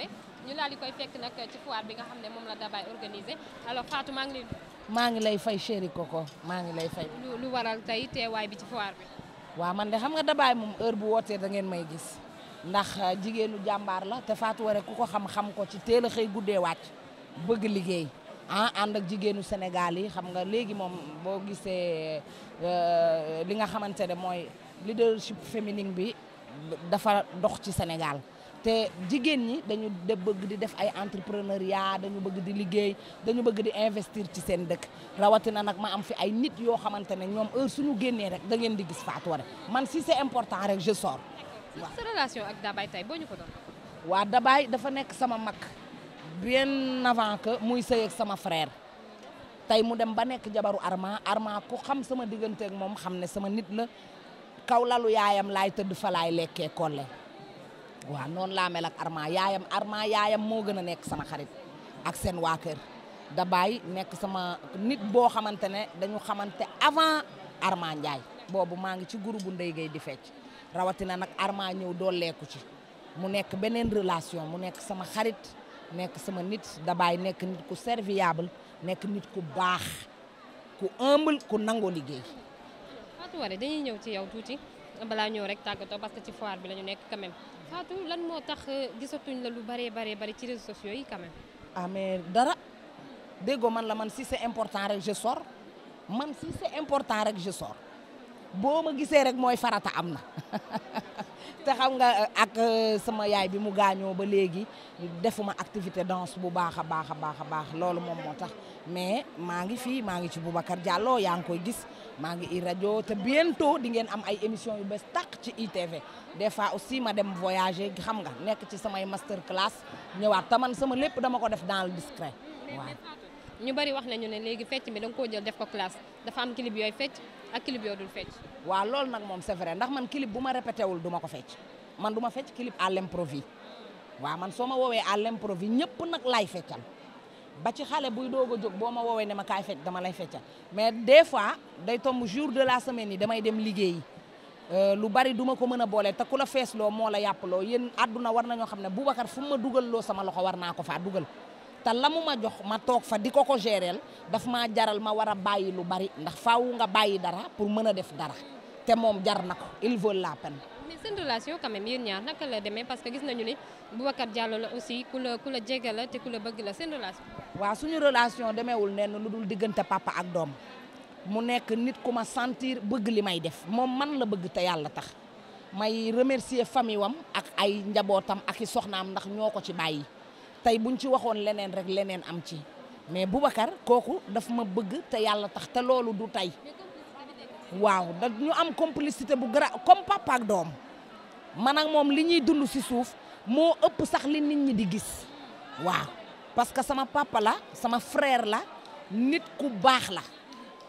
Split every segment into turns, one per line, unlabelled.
Traoré ñu laal di koy fekk nag ci foire bi nga xam ne moom la Dabaye organisé alors Fatou maa
ngi lay. fay chéri ko maa ngi lay fay. lu lu waral tey teewaay bi ci foire bi. waaw man de xam nga Dabaye moom heure bu wootee da ngeen may gis ndax euh, jigéenu jàmbaar la te Fatou Waré ku ko xam-xam ko ci teel a xëy guddee wàcc bëgg liggéey. ah ànd ak jigéenu Sénégal yi xam nga léegi moom boo gisee euh, li nga xamante ne mooy leadership féminine bi dafa dox ci Sénégal te jigéen ñi dañu de bëgg di def ay entrepreneuriat dañu bëgg di liggéey dañu bëgg di investir ci seen dëkk rawatina nag ma am fi ay nit yoo xamante ne ñoom heure suñu génnee rek da ngeen di gis Fatou Waré man si c'est important rek je sors.
waaw sa relation ak ko doon.
waa Dabaye dafa nekk sama mag bien avant que muy sëy ak sama frère tey mu dem ba nekk jabaru Arma Arma ku xam sama diggante ak moom xam ne sama nit la kaw lalu yaayam laay tëdd fa laay lekkee kolle waaw noonu laa mel ak Arma yaayam Arma yaayam moo gën a nekk sama xarit ak seen waa kër da bàyyi nekk sama nit boo xamante ne dañu xamante avant Arma Ndiaye boobu maa ngi ci groupe bu Ndeye di fecc rawatina nag Arma ñëw dooleeku ci mu nekk beneen relation mu nekk sama xarit nekk sama nit da bàyyi nekk nit ku serviable nekk nit ku baax ku humble ku nangoo liggéey.
Fatou dañuy ñëw ci yow tuuti. balaa ñëw rek tàggatoo parce que ci foire bi la ñu nekk quand même
Fatou lan moo tax euh, gisatuñ la lu bëree bëree bëri ci réseaux sociaux yi quand même. Ah, mais dara déggo man la man si c'est important rek je sors man si c'est important rek je boo ma gisee rek mooy farata am na. te xam nga euh, ak euh, sama yaay bi mu gaañoo ba léegi defuma activité danse bu baax a baax a baax a baax loolu moom moo tax mais maa ngi fii maa ngi ci Boubacar Diallo yaa ngi koy gis maa ngi i rajo te bientôt di ngeen am ay émission yu bees tàq ci ITV des fois aussi ma dem voyager xam nga nekk ci samay master class ñëwaat te man sama lépp dama ko def dans le discret
waaw. ñu bari wax nañu ne léegi fecc bi da nga koo jël def ko classe dafa am clip yooyu fecc. ak clip yoo dul fecc.
waa loolu nag moom c'est vrai ndax man clip bu ma répété wul du ma ko fecc man du ma fecc clip à l'improviste waaw man soo ma woowee à l'improviste ñëpp nag laay feccal ba ci xale buy doog a jóg boo ma woowee ne ma kaay fecc dama lay feccal mais des fois day tomb jour de la semaine yi damay dem liggéeyi euh, lu bari duma ko mën a boole te ku la feesloo moo la yàpp loo yéen adduna war na ñoo xam ne Boubacar fu ma dugal loo sama loxo war naa ko faa dugal te la mu ma jox ma toog fa di ko ko géreel daf maa jaral ma war bàyyi lu bari ndax faaw nga bàyyi dara pour mën a def dara te moom jar na ko il vaut la peine.
mais seen relation quand même yéen ñaar naka la demee parce que gis nañu ni Boubacar Diallo la aussi ku la ku la jege la te ku la bëgg la seen relation.
waaw suñu relation demeewul neen lu dul diggante papa ak doom mu nekk nit ku ma sentir bëgg li may def moom man la bëgg te yàlla tax may remercier famille wam ak ay njabootam ak i soxnaam ndax ñoo ko ci bàyyi. tey bu buñ ci waxoon leneen rek leneen am ci mais Boubacar kooku dafa ma bëgg te yàlla tax te loolu du tey waaw da ñu am complicité bu gra comme papa doom man ak moom li ñuy dund ci suuf moo ëpp sax li nit ñi di gis waaw parce que sama papa la sama frère la nit ku baax la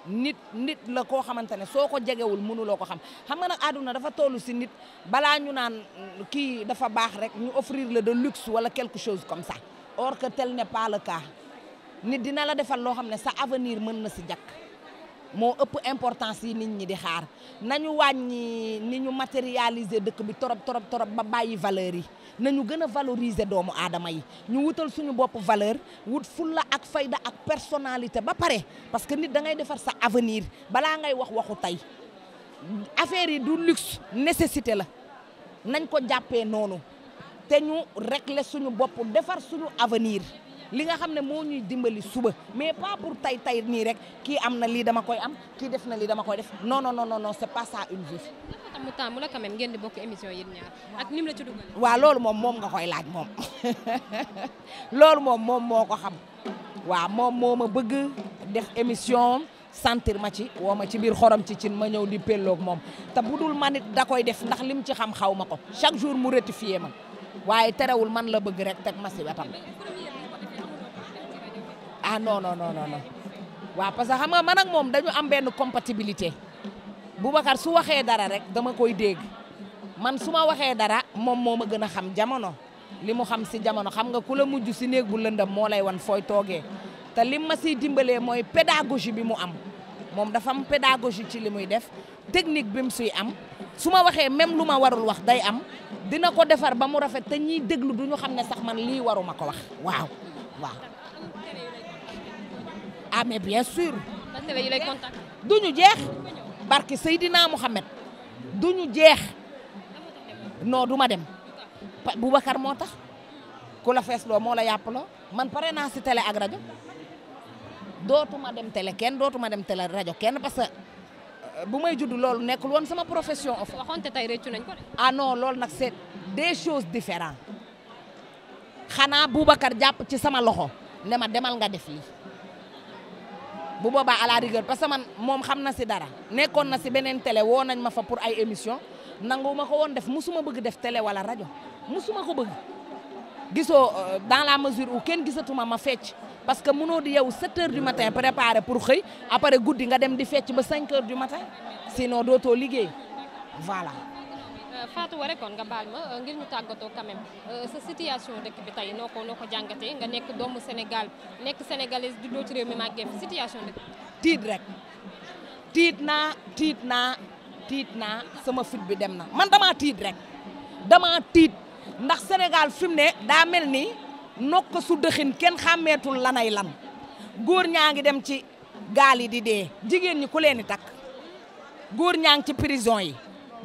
nit nit la koo xamante ne soo ko jegewul mënuloo ko xam xam nga nag àdduna dafa toll si nit balaa ñu naan mm, kii dafa baax rek ñu offrir la de luxe wala quelque chose comme sa or que tel ne pas le nit dina la defal loo xam ne sa avenir mën na si jàkk moo ëpp importance yi nit ñi di xaar nañu wàññi ni ñu matérialiser dëkk bi torop torop torop ba bàyyi valeur yi nañu gën a valoriser doomu aadama yi ñu wutal suñu boppu valeur wut fulla ak fayda ak personnalité ba pare parce que nit da ngay defar sa avenir balaa ngay wax waxu tey affaire yi du luxe nécessité la nañ ko jàppee noonu te ñu régler suñu bopp defar suñu avenir li nga xam ne moo ñuy dimbali suba mais pas pour tay tay nii rek kii am na lii dama koy am kii def na lii dama koy def non non non non c'est pas ça une vie.
mu taamu la quand même ngeen di bokk émission yéen ñaar ak nim la ci dugal.
waaw loolu moom moom nga koy laaj moom loolu moom moom moo ko xam waaw moom moo ma bëgg def émission santir ma ci woo ma ci biir xorom ci cin ma ñëw di pelloog moom te bu dul man da koy def ndax lim ci xam xaw ma ko chaque jour mu rectifier ma waaye terewul man la bëgg rek teg ma si wetam. ah non non non non waaw parce que xam nga man ak moom dañu am benn compatibilité Boubacar su waxee dara rek dama koy dégg man su ma waxee dara moom moo ma gën a xam jamono li mu xam si jamono xam nga ku la mujj si néeg bu lëndam moo lay wan fooy toogee te lim ma si dimbalee mooy pédagogie bi mu am moom dafa am pédagogie ci li muy def technique bi mu suy am su ma waxee même lu ma warul wax day am dina ko defar ba mu rafet te ñiy déglu du ñu xam ne sax man lii waruma ko wax waaw ah mais bien sûr. parce que ñu jeex barki Seydina Mohamed du ñu jeex non du ma dem bubakar moo tax ku la fees loo moo la yàpp loo man pare naa si télé ak rajo dootuma dem télé kenn dootuma dem télé rajo kenn parce que euh, bu may judd loolu nekkul woon sama profession. waxoon te tey réccu nañ ko ah loolu nag c'est des chose différentes xanaa Boubacar jàpp ci sama loxo ne ma demal nga def lii. bu boobaa à la rigueur parce que man moom xam na si dara nekkoon na si beneen télé woo nañ ma fa pour ay émission nangu ma ko woon def musuma bëgg def tele wala rajo musuma ko bëgg gisoo euh, dans la mesure où kenn gisatuma ma fecc parce que mënoo di yow 7 heures du matin préparé pour xëy après guddi nga dem di fecc ba 5 heures du matin noo dootoo liggéey voilà
Fatou Waré kon nga baal ma euh, ngir ñu tàggatoo quand euh, sa situation dëkk bi tey noo ko noo ko jàngatee nga
nekk doomu Sénégal nekk sénégalaise juddoo ci réew mi màggee fi situation dëkk tiit rek tiit naa tiit naa tiit naa sama fit bi dem na man dama tiit rek damaa tiit ndax Sénégal fi ne daa mel ni nokk su dëxin kenn xàmmeetul lanay lan góor ñaa ngi dem ci gaal yi di dee jigéen ñi ku leen di takk góor ñaa ngi ci prison yi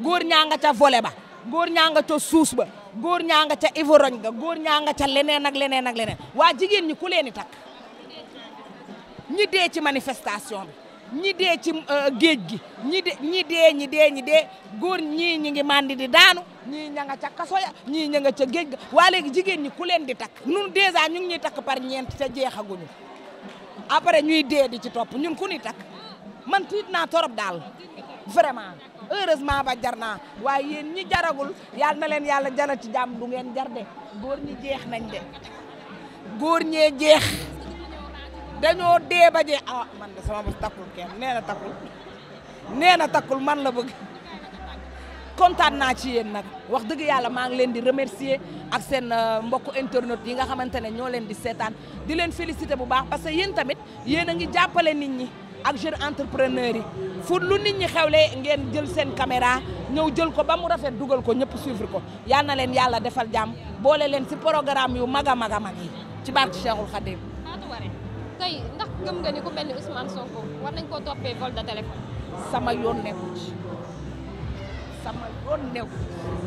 góor ñaa nga ca volet ba góor ñaa nga ca suus ba góor ñaa nga ca ivorogne ga góor ñaa nga ca leneen ak leneen ak leneen waa jigéen ñi ku leen di takk ñi dee ci manifestation bi ñi dee ci euh, géej gi ñi de ñi dee ñi dee ñi góor ñii ñi ngi mandi di daanu ñii ña ca kaso ya ñii ña nga ca géej ga waa léegi jigéen ñi ku leen di tak ñun dèjà ñu ngi ñuy takk par ñeent ca jeexaguñu après ñuy dee di ci topp ñun ku ñuy takk man tiit naa torop daal vraiment heureusement ba jar naa waaye yéen ñi jaragul yal na leen yàlla jaral ci jàmm du ngeen jar de góor ñi jeex nañ de góor ñee jeex dañoo dee ba jeex ah man de sama bos takkul kenn nee na takkul nee man la bëgg kontaan naa ci yéen nag wax dëgg yàlla maa ngi leen di remercier ak seen euh, mbokku internet yi nga xamante ne ñoo leen di seetaan di leen féliciter bu baax parce que yéen tamit yéen a ngi jàppale nit ñi ak jeune entrepreneur yi fu lu nit ñi le ngeen jël seen caméra ñëw jël ko ba mu rafet dugal ko ñëpp suivre ko yal na leen yàlla defal jàmm boole leen ci programme yu mag a mag mag yi ci barke Cheikhul Khadim.
tey ndax gëm nga ni ku mel ni Ousmane Sonko war nañ ko toppee
vol de téléphone. sama yoon nekkul ci sama yoon nekkul